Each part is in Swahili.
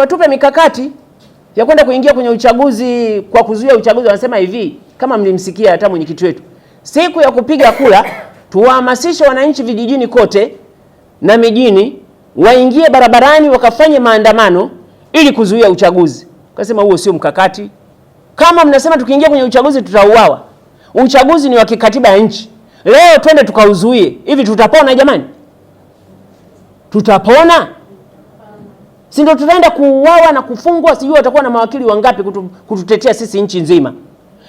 Watupe mikakati ya kwenda kuingia kwenye uchaguzi kwa kuzuia uchaguzi. Wanasema hivi, kama mlimsikia hata mwenyekiti wetu, siku ya kupiga kura tuwahamasishe wananchi vijijini kote na mijini waingie barabarani wakafanye maandamano ili kuzuia uchaguzi. Kasema huo sio mkakati. Kama mnasema tukiingia kwenye uchaguzi tutauawa, uchaguzi ni wa kikatiba ya nchi. Leo twende tukauzuie, hivi tutapona jamani? Tutapona? si ndio tutaenda kuuawa na kufungwa, sijui watakuwa na mawakili wangapi kutu, kututetea sisi nchi nzima.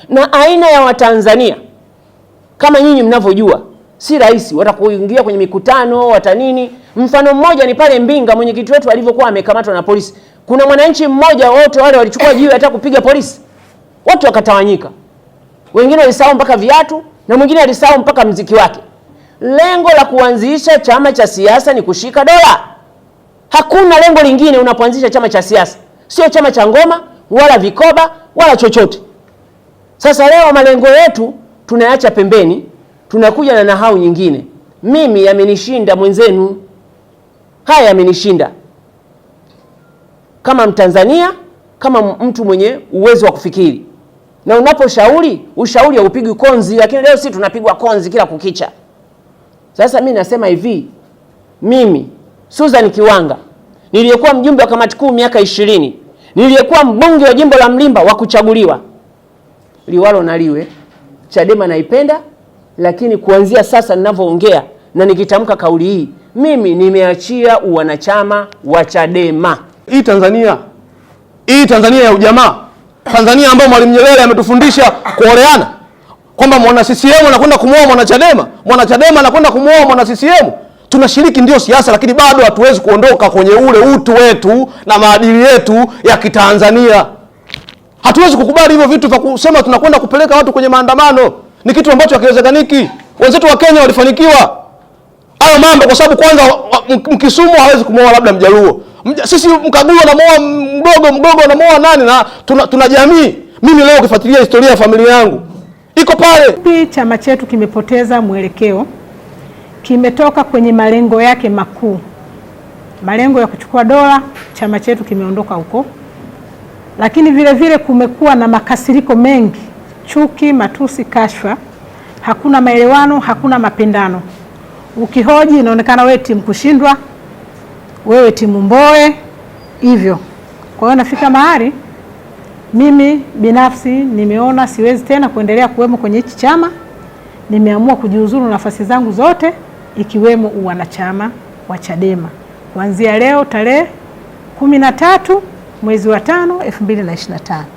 Na aina ya Watanzania kama nyinyi mnavyojua si rahisi, watakuingia kwenye mikutano watanini. Mfano mmoja ni pale Mbinga, mwenyekiti wetu alivyokuwa amekamatwa na polisi, kuna mwananchi mmoja, wote wale walichukua jiwe hata kupiga polisi, watu wakatawanyika, wengine walisahau mpaka viatu na mwingine alisahau mpaka mziki wake. Lengo la kuanzisha chama cha siasa ni kushika dola. Hakuna lengo lingine unapoanzisha chama cha siasa, sio chama cha ngoma wala vikoba wala chochote. Sasa leo malengo yetu tunaacha pembeni, tunakuja na nahau nyingine. Mimi yamenishinda mwenzenu, haya yamenishinda kama Mtanzania, kama mtu mwenye uwezo wa kufikiri. Na unaposhauri ushauri haupigwi konzi, lakini leo si tunapigwa konzi kila kukicha. Sasa mi nasema hivi mimi Susan Kiwanga niliyekuwa mjumbe wa kamati kuu miaka ishirini, niliyekuwa mbunge wa jimbo la Mlimba wa kuchaguliwa, liwalo na liwe, Chadema naipenda, lakini kuanzia sasa ninavyoongea na nikitamka kauli hii, mimi nimeachia uwanachama wa Chadema. Hii Tanzania, hii Tanzania ya ujamaa, Tanzania ambayo Mwalimu Nyerere ametufundisha kuoleana, kwamba mwana CCM anakwenda kumwoa mwana Chadema, mwana Chadema anakwenda kumwoa mwana CCM tunashiriki ndio siasa, lakini bado hatuwezi kuondoka kwenye ule utu wetu na maadili yetu ya Kitanzania. Hatuwezi kukubali hivyo vitu vya kusema tunakwenda kupeleka watu kwenye maandamano, ni kitu ambacho hakiwezekaniki. Wenzetu wa Kenya walifanikiwa hayo mambo kwa sababu kwanza, Mkisumu hawezi kumoa labda Mjaluo, sisi Mkagulo namuoa mdogo Mgogo namuoa nani, na tuna, tuna jamii. Mimi leo ukifuatilia historia ya familia yangu iko pale. Chama chetu kimepoteza mwelekeo kimetoka kwenye malengo yake makuu, malengo ya kuchukua dola. Chama chetu kimeondoka huko, lakini vile vile kumekuwa na makasiriko mengi, chuki, matusi, kashfa, hakuna maelewano, hakuna mapendano. Ukihoji inaonekana wewe timu kushindwa, wewe timu mboe hivyo. Kwa hiyo nafika mahali mimi binafsi nimeona siwezi tena kuendelea kuwemo kwenye hichi chama, nimeamua kujiuzuru nafasi zangu zote ikiwemo uwanachama wa Chadema kuanzia leo tarehe kumi na tatu mwezi wa tano elfu mbili na ishirini na tano.